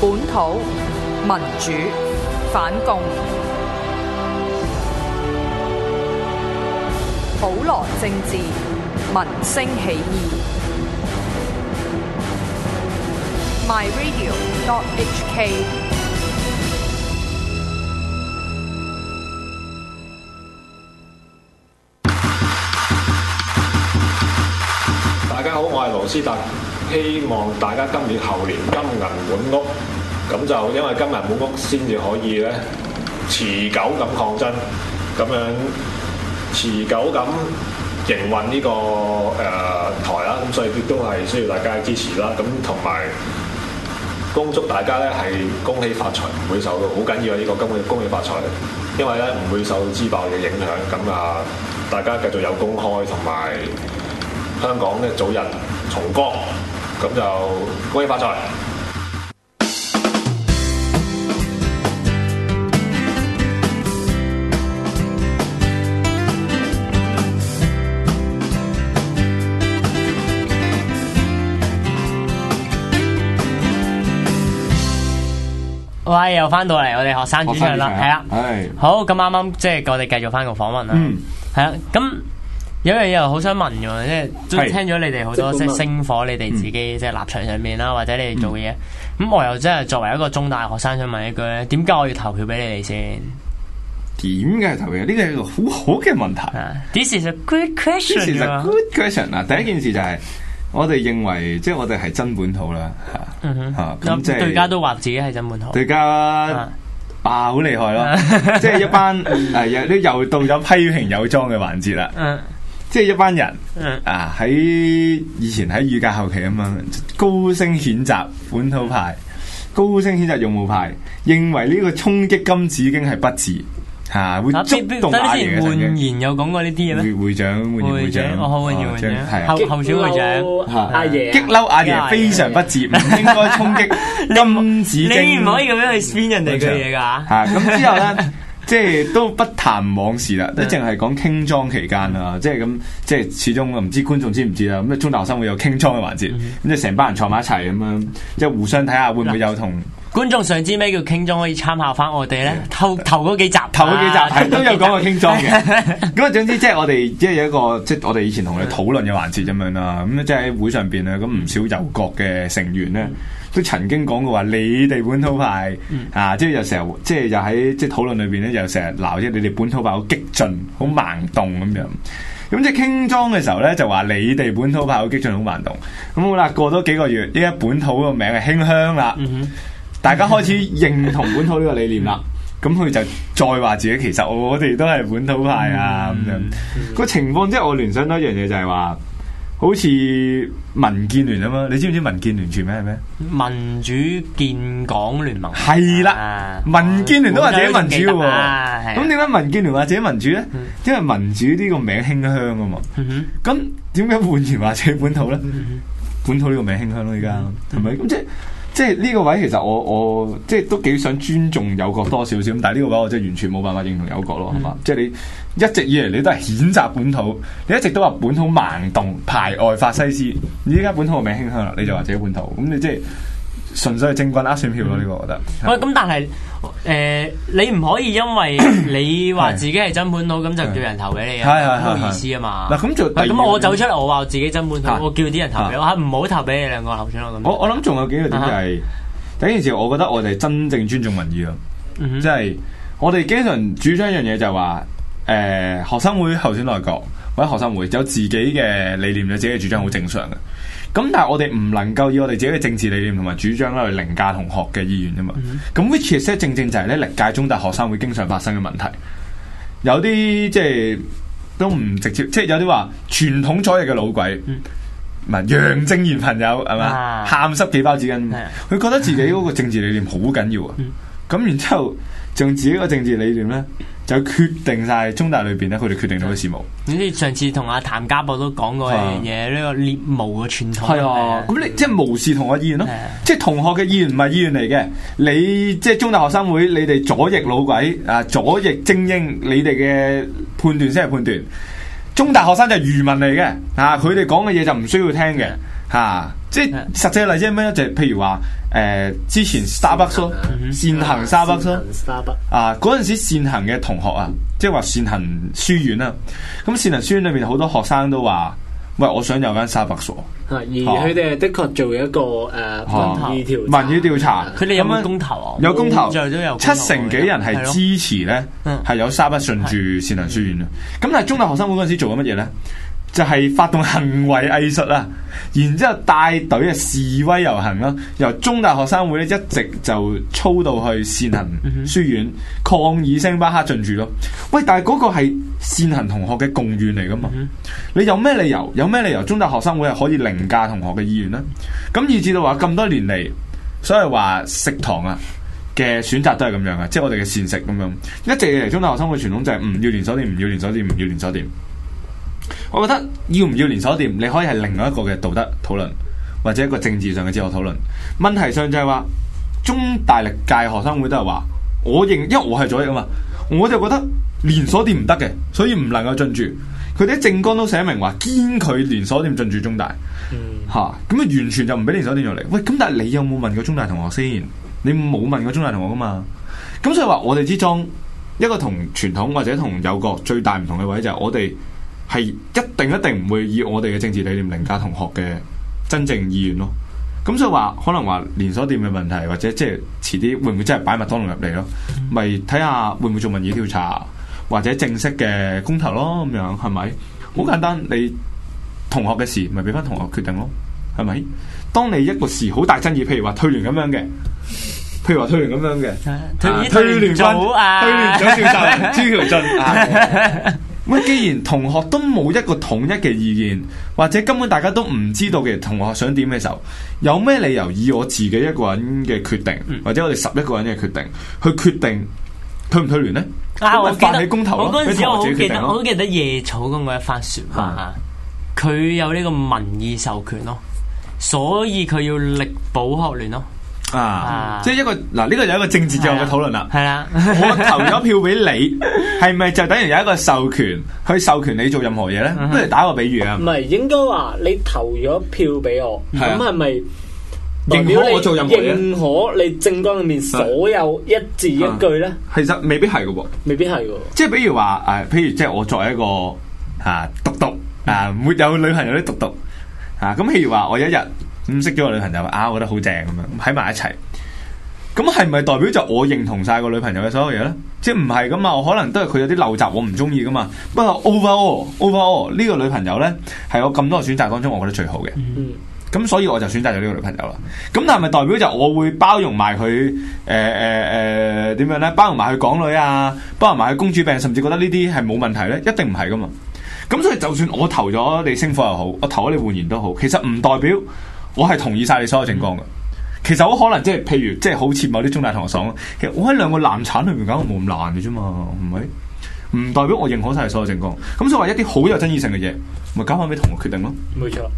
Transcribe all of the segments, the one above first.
本土民主反共，普羅政治，民聲起義。MyRadio.hk。 大家好，我係羅斯特。希望大家今年後年金銀滿屋，咁就因為金銀滿屋先至可以咧持久咁抗爭，咁樣持久咁營運呢、這個誒、呃、台啦，咁所以亦都係需要大家嘅支持啦。咁同埋恭祝大家咧係恭喜發財，唔會受到好緊要啊！呢、這個今嘅恭喜發財，因為咧唔會受到支爆嘅影響。咁啊，大家繼續有公開同埋香港咧早日重光。咁就恭喜發財嚟。喂， 又翻到嚟，我哋學生主場啦，係啦，了是好，咁啱啱即係我哋繼續翻個訪問啦，嗯，係啦，咁。有樣嘢好想問嘅，即係都聽咗你哋好多即係星火，你哋自己即係立場上面啦，或者你哋做嘢咁，我又真係作為一個中大學生，想問一句咧：點解我要投票俾你哋先？點解投票？呢個係一個好好嘅問題。This is a good question。good question 啊！第一件事就係我哋認為，即係我哋係真本土啦。嗯，即係對家都話自己係真本土。對家啊，好厲害咯！即係一班誒，又啲又到咗批評有莊嘅環節啦。即係一班人啊，喺以前喺預計後期啊嘛，高聲譴責本土派，高聲譴責勇武派，認為呢個衝擊金子經係不智嚇，會觸動阿爺嘅神經。換然有講過呢啲嘢咩？會會長，會會長，好換然會長，後小會長，阿爺激嬲阿爺非常不智，唔應該衝擊金子經。你唔可以咁樣去編人哋嘅嘢㗎嚇。咁之後咧。即係都不談往事啦，對 都淨係講傾莊期間啊對！即係咁，即係始終唔知觀眾知唔知啦。咁中大學生會有傾莊嘅環節，咁對 即係成班人坐埋一齊咁樣，對 即係互相睇下會唔會有同。觀眾想知咩叫傾莊，可以參考翻我哋咧的？頭、啊、頭嗰幾集，啊、頭嗰幾集都有講過傾莊嘅。咁啊，總之即係我哋即係有一個，即、就、係、是、我哋以前同你討論嘅環節咁樣啦。咁即係喺會上邊咧，咁唔少右翼嘅成員咧，都曾經講過話你哋本土派啊，即係又成日即係又喺即係討論裏邊咧，又成日鬧即係你哋本土派好激進、好盲動咁樣。咁即係傾莊嘅時候咧，就話你哋本土派好激進、好盲動。咁好啦，過咗幾個月，依家本土個名係輕香啦。大家開始認同本土呢個理念啦，咁佢 就再話自己其實我哋都係本土派啊咁樣個情況。即係我聯想到一樣嘢，就係話好似民建聯啊嘛，你知唔知民建聯全名係咩？民主建港聯盟係、啊、啦， 民建聯都話自己民主嘅，咁點解民建聯話自己民主咧？因為民主呢個名馨香啊嘛，咁點解換言話者本土咧？ 本土呢個名馨香咯、啊，而家係咪咁即係？即係呢個位，其實我我即係都幾想尊重有國，多少少，但係呢個位我真係完全冇辦法認同有國咯，係嘛，嗯？即係你一直以嚟，你都係譴責本土，你一直都話本土盲動排外法西斯。你而家本土嘅名興香啦，你就話自己本土，咁你即係。純粹係政棍呃選票咯，呢、嗯、個我覺得。喂，咁是但係，誒、呃，你唔可以因為你話自己係真本土，咁 就叫人投俾你對啊？係係，冇意思啊嘛。嗱，咁做，咁我走出嚟，我話自己真本土，我叫啲人投俾是我，唔好投俾你兩個候選我我諗仲有幾個點、啊、就係，第一件事，我覺得我哋真正尊重民意咯，即係、嗯、哼我哋經常主張一樣嘢就係話，誒、呃，學生會候選內閣或者學生會有自己嘅理念，有自己嘅主張，好正常嘅。咁但係我哋唔能夠以我哋自己嘅政治理念同埋主張咧去凌駕同學嘅意願啫嘛。咁、嗯、which is 咧正正就係咧歷屆中大學生會經常發生嘅問題。有啲即係都唔直接，即係有啲話傳統左翼嘅老鬼，唔係楊正賢朋友係嘛、啊，喊濕幾包紙巾，佢、啊、覺得自己嗰個政治理念好緊要啊。咁、嗯嗯、然之後，仲自己個政治理念咧。就決定晒中大裏邊咧，佢哋決定到啲事務，嗯。你知上次同阿譚家柏都講過一樣嘢，呢、啊、個獵巫嘅傳統。係咁、啊嗯、你即係無視同學議員咯，啊、即係同學嘅議員唔係議員嚟嘅。你即係中大學生會，你哋左翼老鬼啊，左翼精英，你哋嘅判斷先係判斷。中大學生就係愚民嚟嘅，啊、嗯，佢哋講嘅嘢就唔需要聽嘅，吓、啊，即係、啊啊、實際例子係咩咧？就係譬如話。誒，之前 Starbucks 善行 Starbucks，啊嗰陣時善行嘅同學啊，即係話善行書院啦。咁善行書院裏邊好多學生都話，喂，我想有間 Starbucks。啊，而佢哋的確做一個誒民意調民意調查，佢哋有冇公投啊？有公投，七成幾人係支持咧，係有 Starbucks 順住善行書院啊。咁但係中大學生會嗰陣時做緊乜嘢咧？就係發動行為藝術啦，然之後帶隊嘅示威遊行啦，由中大學生會咧一直就操到去善行書院、mm hmm. 抗議星巴克進駐咯。喂，但係嗰個係善行同學嘅共願嚟噶嘛？Mm hmm. 你有咩理由？有咩理由？中大學生會係可以凌駕同學嘅意願呢？咁以至到話咁多年嚟，所以話食堂啊嘅選擇都係咁樣噶，即係我哋嘅膳食咁樣，一直以嚟中大學生會傳統就係唔要連鎖店，唔要連鎖店，唔要連鎖店。我覺得要唔要連鎖店，你可以係另外一個嘅道德討論，或者一個政治上嘅哲學討論。問題上就係話，中大歷屆學生會都係話，我認，因為我係左翼啊嘛，我就覺得連鎖店唔得嘅，所以唔能夠進駐。佢哋政綱都寫明話，堅拒連鎖店進駐中大，吓、嗯，咁啊完全就唔俾連鎖店入嚟。喂，咁但係你有冇問過中大同學先？你冇問過中大同學噶嘛？咁所以話，我哋之中一個同傳統或者同有國最大唔同嘅位就係我哋。係一定一定唔會以我哋嘅政治理念凌駕同學嘅真正意願咯。咁、嗯、所以話可能話連鎖店嘅問題，或者即係遲啲會唔會真係擺麥當勞入嚟咯？咪睇下會唔會做民意調查或者正式嘅公投咯？咁樣係咪好簡單？你同學嘅事咪俾翻同學決定咯？係咪？當你一個事好大爭議，譬如話退聯咁樣嘅，譬如話退聯咁樣嘅，退聯組啊，退聯組召集朱喬雋。退 喂，既然同學都冇一個統一嘅意見，或者根本大家都唔知道嘅同學想點嘅時候，有咩理由以我自己一個人嘅決定，或者我哋十一個人嘅決定去決定退唔退聯呢？我、啊、發起公投咯，佢、啊、自己決定我記得。我記得夜草公嗰一番說話，佢的有呢個民意授權咯，所以佢要力保學聯咯。啊！啊即係一個嗱，呢、這個有一個政治上嘅討論啦。係啦、啊，啊、 我投咗票俾你，係咪就等於有一個授權去授權你做任何嘢咧？係係不如打個比喻啊，唔係應該話你投咗票俾我，咁係咪認可我做任何嘢？認可你政綱入面所有一字一句咧、啊啊？其實未必係噶喎，未必係噶。即係比如話誒、啊，譬如即係我作為一個啊獨獨啊沒有女朋友啲獨獨啊，咁、啊、譬如話我有一日。認識咗個女朋友啊，我覺得好正，咁樣喺埋一齊，咁係咪代表就我認同晒個女朋友嘅所有嘢呢？即係唔係噶嘛？可能都係佢有啲陋習，我唔中意噶嘛。不過 overall, overall，呢個女朋友呢，係我咁多個選擇當中，我覺得最好嘅。咁所以我就選擇咗呢個女朋友啦。咁但係咪代表就我會包容埋佢？誒誒誒，點、呃、樣呢？包容埋佢港女啊，包容埋佢公主病，甚至覺得呢啲係冇問題呢？一定唔係噶嘛。咁所以就算我投咗你星火又好，我投咗你換言都好，其實唔代表。我係同意晒你所有政綱嘅，其實我可能即係，譬如即係，好似某啲中大同學講，其實我喺兩個難產裏面搞冇咁難嘅啫嘛，唔係，唔代表我認可晒你所有政綱，咁所以話一啲好有爭議性嘅嘢，咪交翻俾同學決定咯。冇錯錯，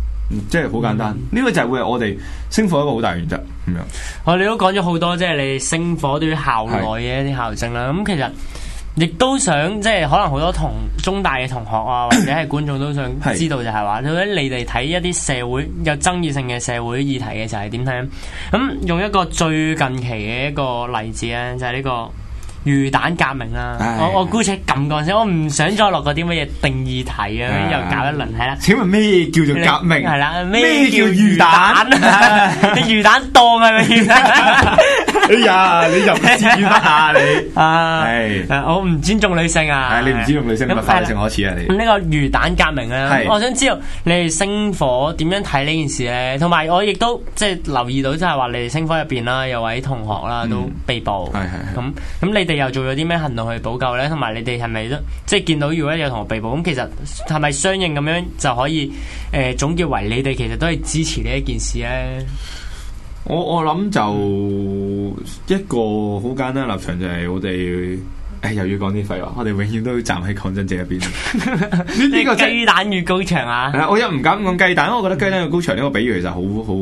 即係好簡單，呢個、嗯、就係會係我哋星火一個好大原則咁、嗯、樣。哦、啊，你都講咗好多，即係你星火對於校內嘅一啲校政啦，咁是其實。亦都想即係可能好多同中大嘅同學啊，或者係觀眾都想知道就係話，咁是的 你哋睇一啲社會有爭議性嘅社會議題嘅時候，係點睇？咁用一個最近期嘅一個例子咧、啊，就係、是、呢、這個。魚蛋革命啊！我我姑且咁講先，我唔想再落個啲乜嘢定義題啊，又搞一輪係啦。請問咩叫做革命？係啦，咩叫魚蛋？你魚蛋檔係咪叫？哎呀，你又唔知下你。係。我唔尊重女性啊！你唔尊重女性，你咪反成可恥啊！你。呢個魚蛋革命啊！我想知道你哋星火點樣睇呢件事咧？同埋我亦都即係留意到，即係話你哋星火入邊啦，有位同學啦都被捕。咁咁，你哋。你又做咗啲咩行動去補救咧？同埋你哋係咪都即係見到如果有同學被捕？咁其實係咪相應咁樣就可以？誒、呃，總結為你哋其實都係支持呢一件事咧。我我諗就一個好簡單立場就係我哋誒又要講啲廢話。我哋永遠都要站喺抗爭者入邊。呢 個雞、就是、蛋與高牆啊，啊！我又唔敢講雞蛋，我覺得雞蛋與高牆呢個比喻就係好好，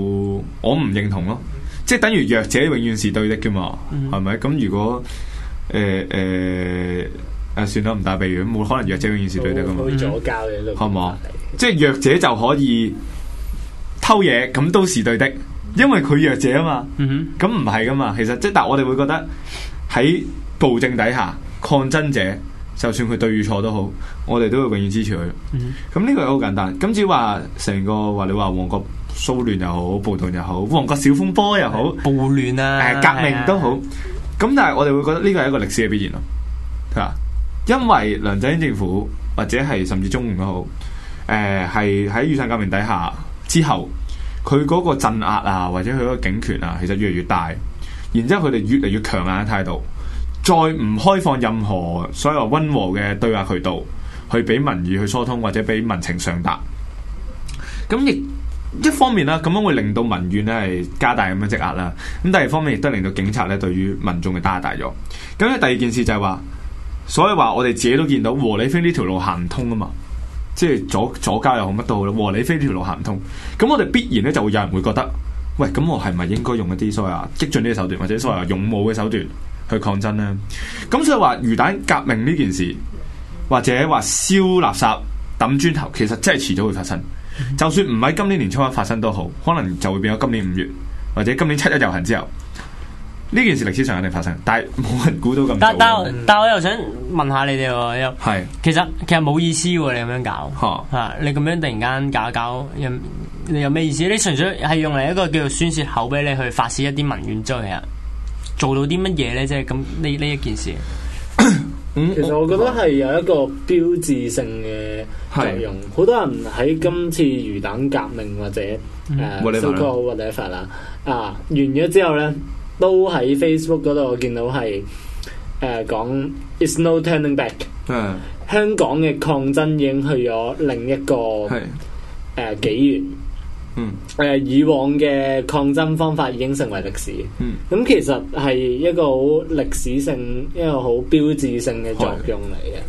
我唔認同咯。即係等於弱者永遠是對的噶嘛？係咪咁？如果誒誒誒，算啦，唔打比喻，冇可能弱者永遠是對的噶嘛？可以、嗯、左膠嘅都，好唔好？即係弱者就可以偷嘢，咁都是對的，嗯、因為佢弱者啊嘛。嗯咁唔係噶嘛？其實即係，但我哋會覺得喺暴政底下抗爭者，就算佢對與錯都好，我哋都會永遠支持佢。嗯，咁呢個好簡單。咁今次話成個話，你話旺角騷亂又好，暴動又好，旺角小風波又好，暴亂啊，誒、啊，革命都好。啊咁但係我哋會覺得呢個係一個歷史嘅必然咯，吓，因為梁振英政府或者係甚至中聯都好，誒係喺雨傘革命底下之後，佢嗰個鎮壓啊或者佢嗰個警權啊，其實越嚟越大，然之後佢哋越嚟越強硬嘅態度，再唔開放任何所謂溫和嘅對話渠道，去俾民意去疏通或者俾民情上達，咁亦。一方面啦，咁樣會令到民怨咧係加大咁樣積壓啦。咁第二方面亦都令到警察咧對於民眾嘅打壓大咗。咁咧第二件事就係話，所以話我哋自己都見到和理非呢條路行唔通啊嘛，即係左左交又好乜都好啦。和理非呢條路行唔通，咁我哋必然咧就會有人會覺得，喂，咁我係咪應該用一啲所謂啊激進呢個手段，或者所謂啊勇武嘅手段去抗爭咧？咁所以話魚蛋革命呢件事，或者話燒垃圾抌磚頭，其實真係遲早會發生。就算唔喺今年年初一發生都好，可能就會變咗今年五月或者今年七一遊行之後，呢件事歷史上肯定發生，但係冇人估到咁。但但、嗯、但我又想問，問下你哋喎，又係是 其實其實冇意思喎，你咁樣搞吓哈，你咁樣突然間搞搞又又咩意思？你純粹係用嚟一個叫做宣洩口俾你去發洩一啲民怨之後，其實做到啲乜嘢咧？即係咁呢呢一件事。 其實我覺得係有一個標誌性嘅作用，好是多人喺今次魚蛋革命或者誒修規或者法例啊，完咗之後呢，都喺 Facebook 嗰度我見到係誒講、啊、It's no turning back。Yeah. 香港嘅抗爭已經去咗另一個係誒紀元。Yeah. uh, Ooh. 嗯，誒，以往嘅抗爭方法已經成為歷史。嗯，咁其實係一個好歷史性、一個好標誌性嘅作用嚟嘅。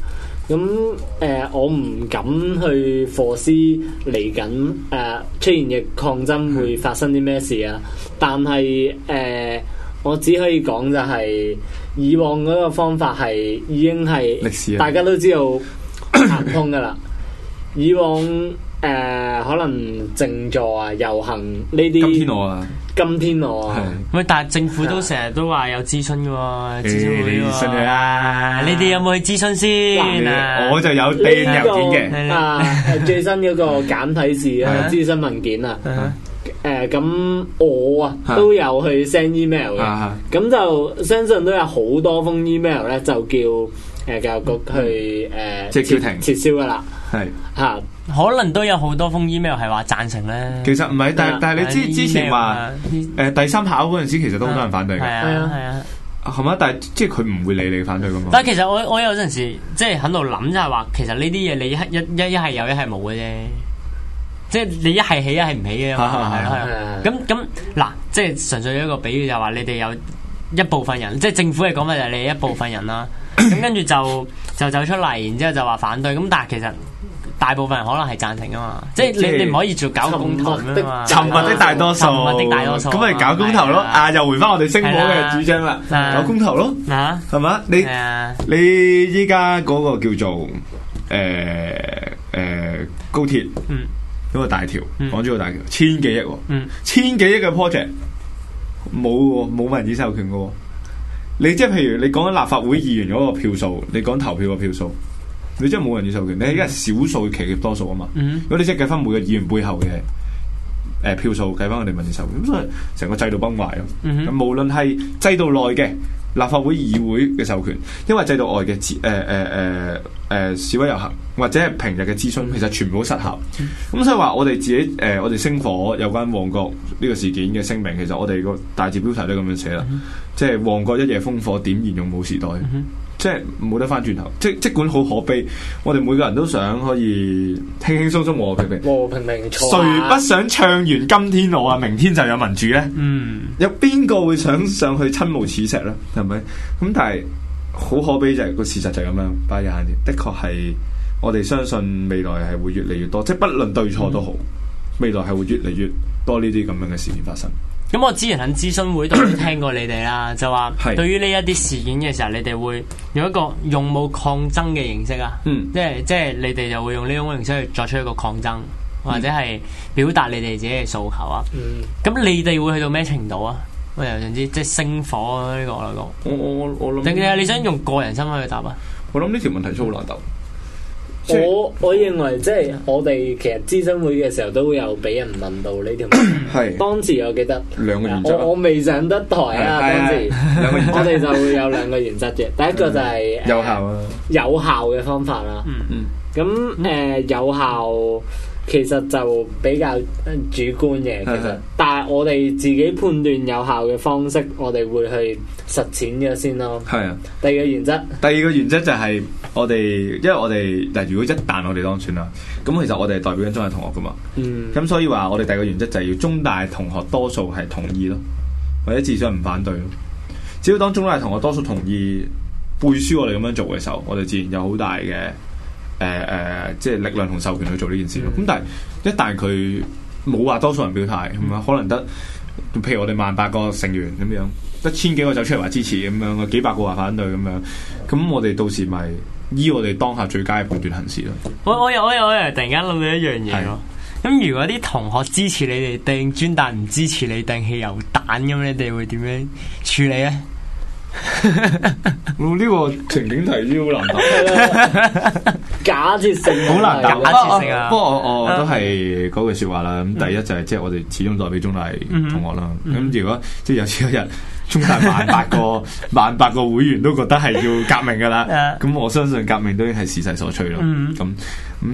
咁誒，我唔敢去 foresee 嚟緊誒出現嘅抗爭會發生啲咩事啊。但係誒、呃，我只可以講就係、是、以往嗰個方法係已經係歷史，大家都知道行通噶啦。以 往つ。咳つ咳つ誒，可能靜坐啊、遊行呢啲，金天鵝啊、金天鵝啊。喂，但係政府都成日都話有諮詢嘅喎，諮詢你喎。信佢啦，你哋有冇去諮詢先？我就有 email 郵件嘅。啊，最新嗰個簡體字嘅諮詢文件啊。誒，咁我啊都有去 send email 嘅。咁就相信都有好多封 email 咧，就叫。誒，教育局去誒，即係叫停，撤銷噶啦，係吓，可能都有好多封 email 係話讚成咧。其實唔係，但係但係你之之前話誒，第三跑嗰陣時，其實都好多人反對嘅。係啊係啊，係嘛？但係即係佢唔會理你反對噶嘛。但係其實我我有陣時即係喺度諗，就係話其實呢啲嘢你一一一係有，一係冇嘅啫。即係你一係起，一係唔起嘅。咁咁嗱，即係純粹有一個比喻，就係話你哋有一部分人，即係政府嘅講法就係你一部分人啦。咁跟住就就走出嚟，然之後就話反對，咁但係其實大部分人可能係贊成噶嘛，即係你你唔可以做搞公投噶嘛，沉默的大多數，沉默的大多數，咁咪搞公投咯。啊，又回翻我哋星火嘅主張啦，搞公投咯，係嘛？你你依家嗰個叫做誒誒高鐵，嗯，嗰個大橋，港珠澳大橋，千幾億，嗯，千幾億嘅 project，冇冇民主授權噶。你即係譬如你講緊立法會議員嗰個票數，你講投票個票數，你即係冇人質授權，你係一少數歧視多數啊嘛。Mm hmm. 如果你即係計翻每個議員背後嘅誒、呃、票數，計翻我哋民主授權，咁所以成個制度崩壞咯。咁、mm hmm. 無論係制度內嘅。立法會議會嘅授權，因為制度外嘅誒誒誒誒示威遊行或者係平日嘅諮詢，其實全部都失效。咁、嗯、所以話我哋自己誒、呃，我哋星火有關旺角呢個事件嘅聲明，其實我哋個大字標題都咁樣寫啦，嗯、即係旺角一夜烽火，點燃勇武時代。嗯嗯嗯即係冇得翻轉頭，即即管好可悲，我哋每個人都想可以輕輕鬆鬆和平平和平平，誰不想唱完今天我啊，明天就有民主呢？嗯，有邊個會想上去親無恥石呢？係咪？咁但係好可悲就係、是、個事實就係咁樣，擺喺眼前，的確係我哋相信未來係會越嚟越多，即、就、係、是、不論對錯都好，嗯、未來係會越嚟越多呢啲咁樣嘅事件發生。咁我之前喺諮詢會度都聽過你哋啦，就話對於呢一啲事件嘅時候，你哋會用一個用武抗爭嘅形式啊，嗯、即係即係你哋就會用呢種形式去作出一個抗爭，或者係表達你哋自己嘅訴求啊。咁、嗯、你哋會去到咩程度啊？我又想知即係星火啊。呢、呢個我嚟講，我我我諗你想用個人身份去答啊？我諗呢條問題都好難答。我我認為即係我哋其實諮詢會嘅時候都會有俾人問到呢條問題，當時我記得兩個原則，我未上得台啊，當時兩個原則，我哋就會有兩個原則嘅，第一個就係有效啊，有效嘅方法啦，咁誒有效其實就比較主觀嘅，其實但係我哋自己判斷有效嘅方式，我哋會去實踐咗先咯，係啊，第二個原則，第二個原則就係。我哋，因為我哋，嗱，如果一旦我哋當選啦，咁其實我哋代表緊中大同學噶嘛，咁、嗯、所以話我哋第二個原則就係要中大同學多數係同意咯，或者至少唔反對咯。只要當中大同學多數同意背書我哋咁樣做嘅時候，我哋自然有好大嘅，誒、呃、誒、呃，即係力量同授權去做呢件事咯。咁、嗯、但係一旦佢冇話多數人表態咁樣，嗯、可能得，譬如我哋萬八個成員咁樣，一千幾個走出嚟話支持咁樣，個幾百個話反對咁樣，咁我哋到時咪？依我哋當下最佳嘅判斷行事咯。我我又我又突然間諗起一樣嘢咯。咁是如果啲同學支持你哋掟磚彈，唔支持你掟汽油彈咁，你哋會點樣處理啊？呢、 哦這個情景題真好難答。 假設性好難答。不過我我、哦、都係嗰句說話啦。咁第一就係、是、即、就、係、是、我哋始終代表中大同學啦。咁、嗯嗯、如果即係、就是、有朝一日，中大萬八個 萬八個會員都覺得係要革命噶啦，咁、嗯、我相信革命都已經係時勢所趨咯。咁咁，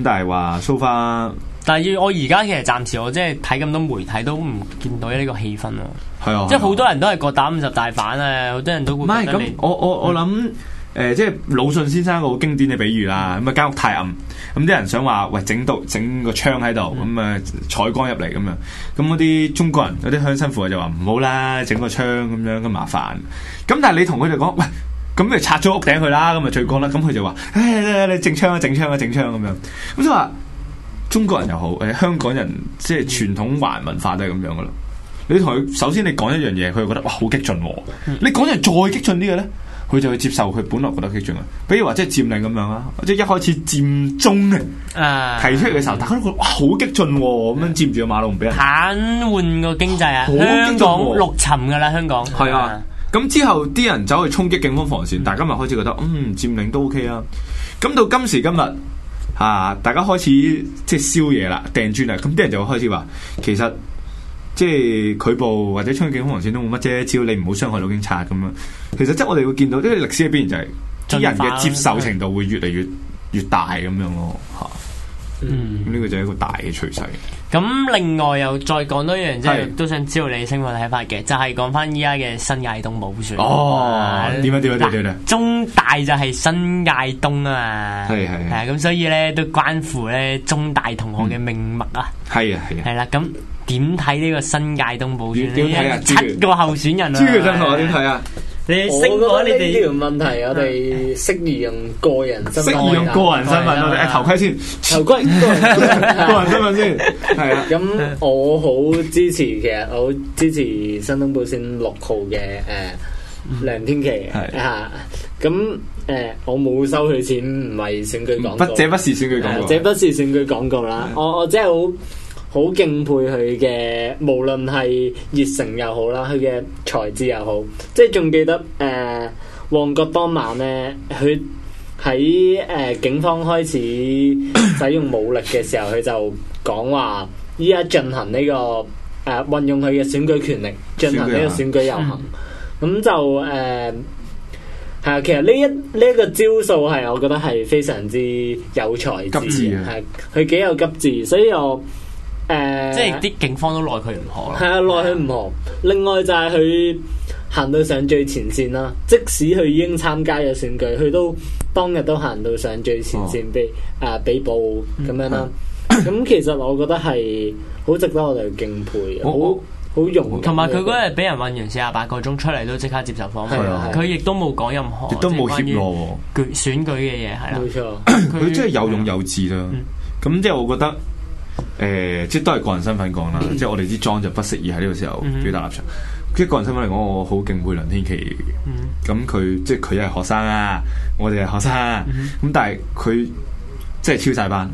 但係話 So far。但係要我而家其實暫時我即係睇咁多媒體都唔見到呢個氣氛啊，係啊，即係好多人都係各打五十大板啊，好多人都唔係咁，我我我諗誒、呃，即係魯迅先生個好經典嘅比喻啦，咁啊間屋太暗，咁啲人想話喂整到整個窗喺度，咁啊採光入嚟咁樣，咁嗰啲中國人嗰啲鄉親父老就話唔好啦，整個窗咁樣咁麻煩，咁但係你同佢哋講喂，咁咪拆咗屋頂佢啦，咁咪採光啦，咁佢就話誒，你整窗啊，整窗啊，整窗咁樣，咁就話。中國人又好，誒，香港人即係傳統華人文化都係咁樣噶啦。你同佢首先你講一樣嘢，佢就覺得哇好激進。你講人再激進啲嘅咧，佢就會接受佢本來覺得激進啊。比如話即係佔領咁樣啦，即係一開始佔中啊，提出嚟嘅時候，大家都覺得好激進咁樣，佔住個馬路唔俾人，癱瘓個經濟啊，好香港陸沉噶啦，香港係啊。咁之後啲人走去衝擊警方防線，大家咪開始覺得嗯，佔領都 OK 啊。咁到今時今日。啊！大家開始即係燒嘢啦、掟磚啦，咁啲人就會開始話：其實即係拒捕或者衝擊警方防線都冇乜啫，只要你唔好傷害到警察咁樣。其實即係我哋會見到，因為歷史入邊就係、是、啲化人嘅接受程度會越嚟越越大咁樣咯。啊嗯，呢個就係一個大嘅趨勢。咁另外又再講多一樣，即係都想知道你嘅生活睇法嘅，就係講翻依家嘅新界東補選。哦，點啊點啊點啊點中大就係新界東啊嘛，係係係，咁所以咧都關乎咧中大同學嘅命脈啊。係啊係啊。係啦，咁點睇呢個新界東補選呢，點睇啊？七個候選人啊？朱喬雋點睇啊？你昇嘅話，你哋呢條問題，我哋適宜用個人身份。適宜用個人身份，我哋頭盔先，頭盔個人身份先，係啦。咁我好支持，其實我好支持新東補選六號嘅誒梁天琦，係吓。咁誒，我冇收佢錢，唔係選舉廣告，不這不是選舉廣告，這不是選舉廣告啦。我我真係好。好敬佩佢嘅，無論係熱誠又好啦，佢嘅才智又好，即係仲記得誒、呃、旺角當晚咧，佢喺誒警方開始使用武力嘅時候，佢就講話依家進行呢、這個誒、呃、運用佢嘅選舉權力進行呢個選舉遊行，咁、啊、就誒係啊，其實呢一呢一、這個招數係，我覺得係非常之有才智，係佢、啊、幾有急智，所以我。誒，即係啲警方都奈佢唔何咯。係啊，奈佢唔何。另外就係佢行到上最前線啦。即使佢已經參加咗選舉，佢都當日都行到上最前線被誒俾捕咁樣啦。咁其實我覺得係好值得我哋敬佩，好好用同埋佢嗰日俾人運完四廿八個鐘出嚟都即刻接受訪問。佢亦都冇講任何，亦都冇怯懦選舉嘅嘢係啦。冇錯，佢真係有勇有智啦。咁即係我覺得。誒、呃，即係都係個人身份講啦，嗯、即係我哋啲裝就不適宜喺呢個時候表達立場。嗯、即係個人身份嚟講，我好敬佩梁天琦。咁佢、嗯嗯、即係佢係學生啊，我哋係學生、啊。咁、嗯、但係佢即係超晒班。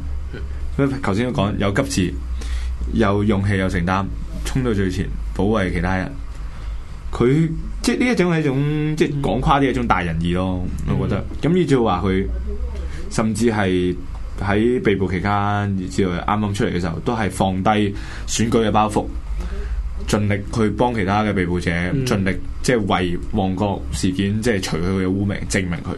咁頭先都講有急智，有勇氣，有承擔，衝到最前保衛其他人。佢即係呢一種係一種即係講誇啲一種大仁義咯，嗯、我覺得。咁呢就話佢，甚至係。喺被捕期間以之內，啱啱出嚟嘅時候，都係放低選舉嘅包袱，盡力去幫其他嘅被捕者，盡力即係為旺角事件即係、就是、除去佢嘅污名，證明佢。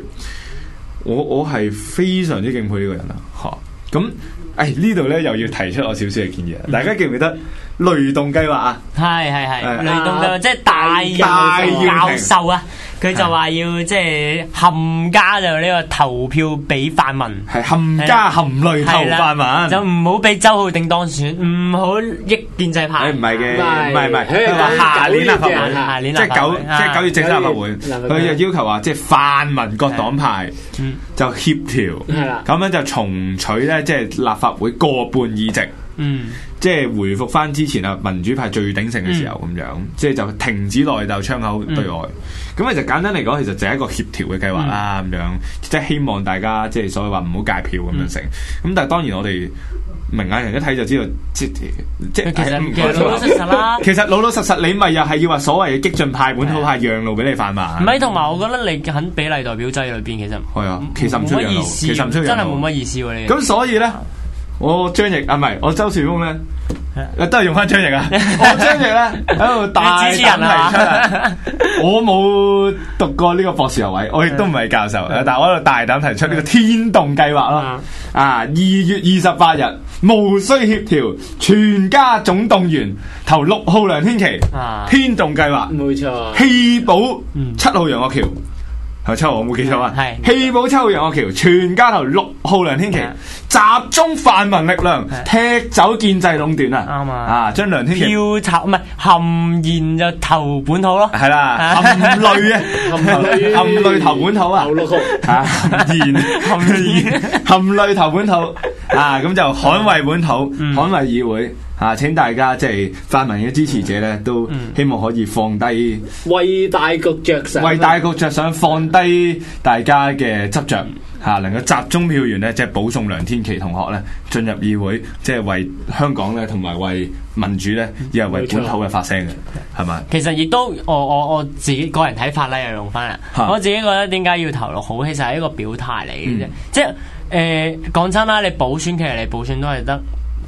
我我係非常之敬佩呢個人啊！吓咁，誒、哎、呢度咧又要提出我少少嘅建議。大家記唔記得雷動計劃啊？係係係，是是是雷動計劃是即係戴耀廷戴耀廷啊！大佢就話要即係冚家就呢個投票俾泛民，係冚家含淚投泛民，就唔好俾周浩鼎當選，唔好益建制派。誒唔係嘅，唔係唔係，佢話下年立法會，下年即係九即係九月正式立法會，佢就要求話即係泛民各黨派就協調，咁樣就重取咧即係立法會過半議席，即係回復翻之前啊民主派最鼎盛嘅時候咁樣，即係就停止內鬥，窗口對外。咁其實簡單嚟講，其實就係一個協調嘅計劃啦，咁樣即係希望大家即係所謂話唔好戒票，咁樣成。咁但係當然我哋明眼人一睇就知道，即係即係其實老老實實啦。其實老老實實你咪又係要話所謂嘅激進派，本土派讓路俾你犯嘛？唔係，同埋我覺得你肯比例代表制裏邊，其實係啊，其實唔出讓路，其實唔出讓路，真係冇乜意思喎你。咁所以咧。我張譯啊，唔係我周豎峰咧，都係用翻張譯啊。 我張譯咧喺度大膽提出， 我冇讀過呢個博士學位，我亦都唔係教授， 但係我喺度大膽提出呢個天動計劃咯。 啊，二月二十八日，無需協調，全家總動員，投六號梁天琦，天動計劃，冇錯 沒錯，棄保七號楊岳橋。係七我冇記錯啊！係棄保秋楊岳橋，全家頭六號梁天琦，集中泛民力量踢走建制壟斷啊！啱啊！啊將梁天琦要插唔係含言就投本土咯，係啦含淚啊含含淚投本土啊！含言含言含淚投本土啊！咁就捍衛本土，捍衛議會。吓，請大家即係泛民嘅支持者咧，都希望可以放低，為大局着想，為大局着想，放低大家嘅執着吓，能夠集中票源咧，即係保送梁天琦同學咧進入議會，即係為香港咧，同埋為民主咧，又係為本土嘅發聲嘅，係嘛錯？吧其實亦都我我我自己個人睇法咧，又用翻啦。是的 我自己覺得點解要投六號、嗯，呃，其實係一個表態嚟嘅啫。即係誒，講真啦，你補選，其實你補選都係得。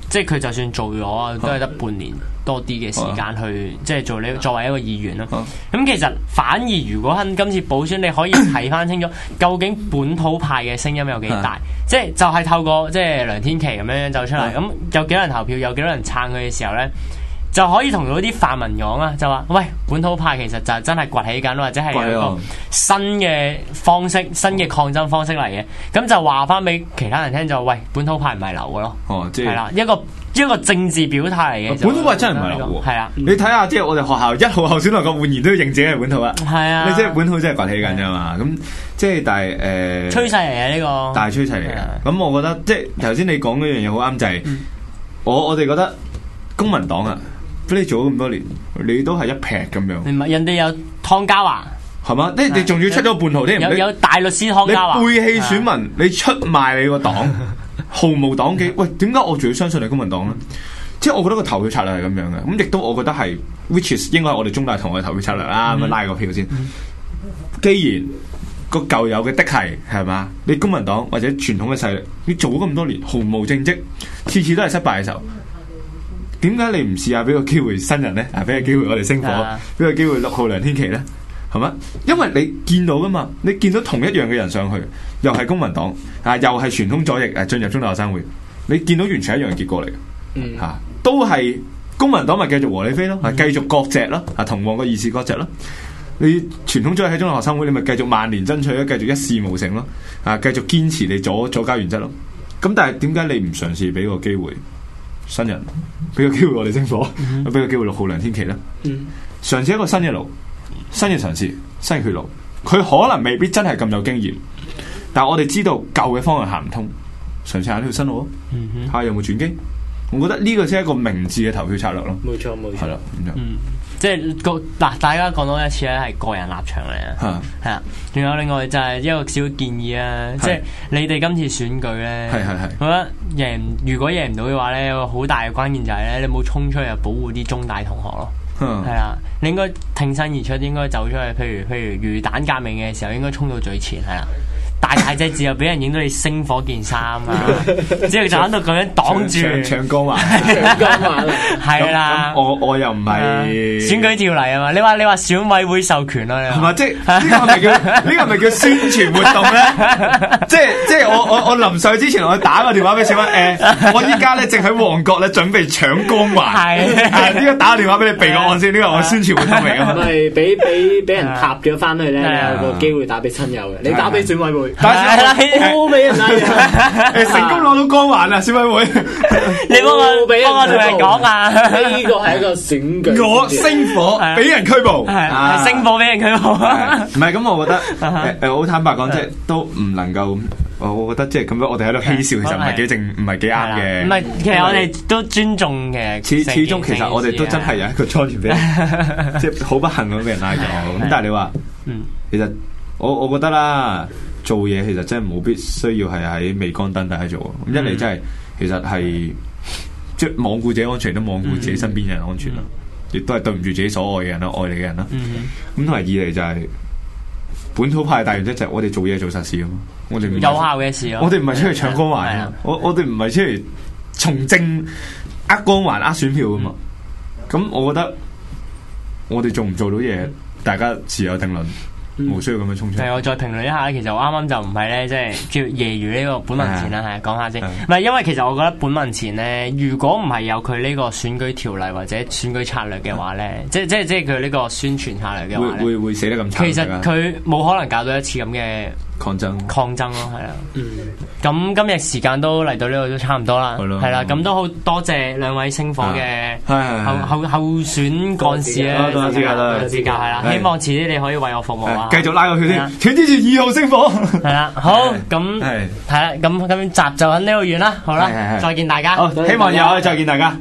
即係佢就算做咗啊，都係得半年多啲嘅時間去，啊、即係做你作為一個議員啦。咁、啊、其實反而如果喺今次補選，啊、你可以睇翻清楚，究竟本土派嘅聲音有幾大？啊、即係就係透過即係梁天琦咁樣走出嚟，咁、啊、有幾多人投票，有幾多人撐佢嘅時候咧？就可以同嗰啲泛民講啊，就話喂，本土派其實就真係崛起緊，或者係一個新嘅方式、新嘅抗爭方式嚟嘅。咁就話翻俾其他人聽，就喂，本土派唔係流嘅咯，係啦、哦即係、一個一個政治表態嚟嘅。本土派真係唔係流喎，係啦了。你睇下即係我哋學校一號候選人個換言都要認自己係本土啊，係啊了，你即係本土真係崛起緊啫嘛。咁即係但係誒趨勢嚟嘅呢個，大趨勢嚟嘅。咁我覺得即係頭先你講嗰樣嘢好啱，就係、是就是、我我哋覺得公民黨啊。了你做咗咁多年，你都係一劈咁樣。唔係，人哋有湯家驊，係嘛？你你仲要出咗叛徒啲人，你有有大律師湯家驊，你背棄選民，的你出賣你個黨， 毫無黨紀。喂，點解我仲要相信你公民黨咧？ 即係我覺得個投票策略係咁樣嘅，咁亦都我覺得係，which is 應該係我哋中大同學嘅投票策略啦。咁 拉個票先。既然個舊有嘅的係係嘛，你公民黨或者傳統嘅勢力，你做咗咁多年，毫無,無政績，次次都係失敗嘅時候。點解你唔試下俾個機會新人呢？啊，俾個機會我哋星火，俾、嗯啊、個機會六號梁天琦呢？係咪？因為你見到噶嘛，你見到同一樣嘅人上去，又係公民黨，啊，又係傳統左翼，啊，進入中大學生會，你見到完全一樣嘅結果嚟嘅，吓、啊，都係公民黨咪繼續和理非咯，係、啊、繼續割席咯，啊、同往個意思割席咯。你傳統左翼喺中大學生會，你咪繼續萬年爭取咯，繼續一事無成咯，啊，繼續堅持你左左膠原則咯。咁、啊、但係點解你唔嘗試俾個機會？新人俾個機會我哋星火，我俾、mm hmm. 個機會六號梁天琦咧。嘗試、mm hmm. 一個新嘅路，新嘅嘗試，新嘅血路，佢可能未必真係咁有經驗，但係我哋知道舊嘅方向行唔通。嘗試下呢條新路啊，睇下有冇轉機。我覺得呢個先係一個明智嘅投票策略咯。冇錯，冇錯冇錯，係啦，嗯，即係嗱，大家講多一次咧，係個人立場嚟啊，係啊是的，仲有另外就係一個小建議啦，是的 即係你哋今次選舉咧，係係係，我覺得贏，如果贏唔到嘅話咧，有個好大嘅關鍵就係咧，你冇衝出去保護啲中大同學咯，嗯，係啊，你應該挺身而出，應該走出去。譬如譬如魚蛋革命嘅時候，應該衝到最前，係啦。大大隻字又俾人影到你星火件衫啊！之後就喺度咁樣擋住，搶光環，係啦。我我又唔係選舉條例啊嘛！你話你話選委會授權啊？係嘛？即係呢個唔係叫呢個唔係叫宣傳活動咧。即係即係我我我臨上去之前我打個電話俾小威誒，我依家咧正喺旺角咧準備搶光環。係，呢個打個電話俾你備個案先，呢個我宣傳活動嚟㗎嘛。係俾俾俾人塔咗翻去咧，有個機會打俾親友嘅。你打俾選委會。係啦，輸俾人啦，成功攞到光環啦，小委會，你幫我幫我同佢講啊，呢個係一個升劇，我星火俾人拘捕，係星火俾人拘捕唔係咁，我覺得誒，好坦白講，即係都唔能夠，我我覺得即係咁樣，我哋喺度嬉笑其實唔係幾正，唔係幾啱嘅。唔係，其實我哋都尊重嘅。始始終其實我哋都真係有一個挫折，即係好不幸咁俾人拉咗。咁但係你話，嗯，其實我我覺得啦。做嘢其實真係冇必需要係喺微光燈底下做，咁、嗯、一嚟真係其實係的即係罔顧自己安全都罔顧自己身邊人安全啦，嗯、亦都係對唔住自己所愛嘅人啦、愛你嘅人啦。咁同埋二嚟就係、是、本土派大原則就係我哋做嘢做實事咯，我哋有效嘅事、啊、我哋唔係出去唱歌玩啊，我我哋唔係出去從政呃光環呃選票噶嘛，咁、嗯、我覺得我哋做唔做到嘢，嗯、大家自有定論。冇需要咁樣衝出。係，我再評論一下，其實我啱啱就唔係咧，即係叫揶揄呢個本民前啦。係 講下先。唔係是的，因為其實我覺得本民前咧，如果唔係有佢呢個選舉條例或者選舉策略嘅話咧， 即即即係佢呢個宣傳下嚟嘅話咧，會會會死得咁慘。其實佢冇可能搞到一次咁嘅。抗爭，抗爭咯，係啊，嗯，咁今日時間都嚟到呢度都差唔多啦，係啦，咁都好多謝兩位星火嘅候候候選幹事多資格啦，資格係啦，希望遲啲你可以為我服務啊，繼續拉落去先，請支持二號星火，係啦，好，咁係，係啦，咁咁集就喺呢度完啦，好啦，再見大家，希望有再見大家。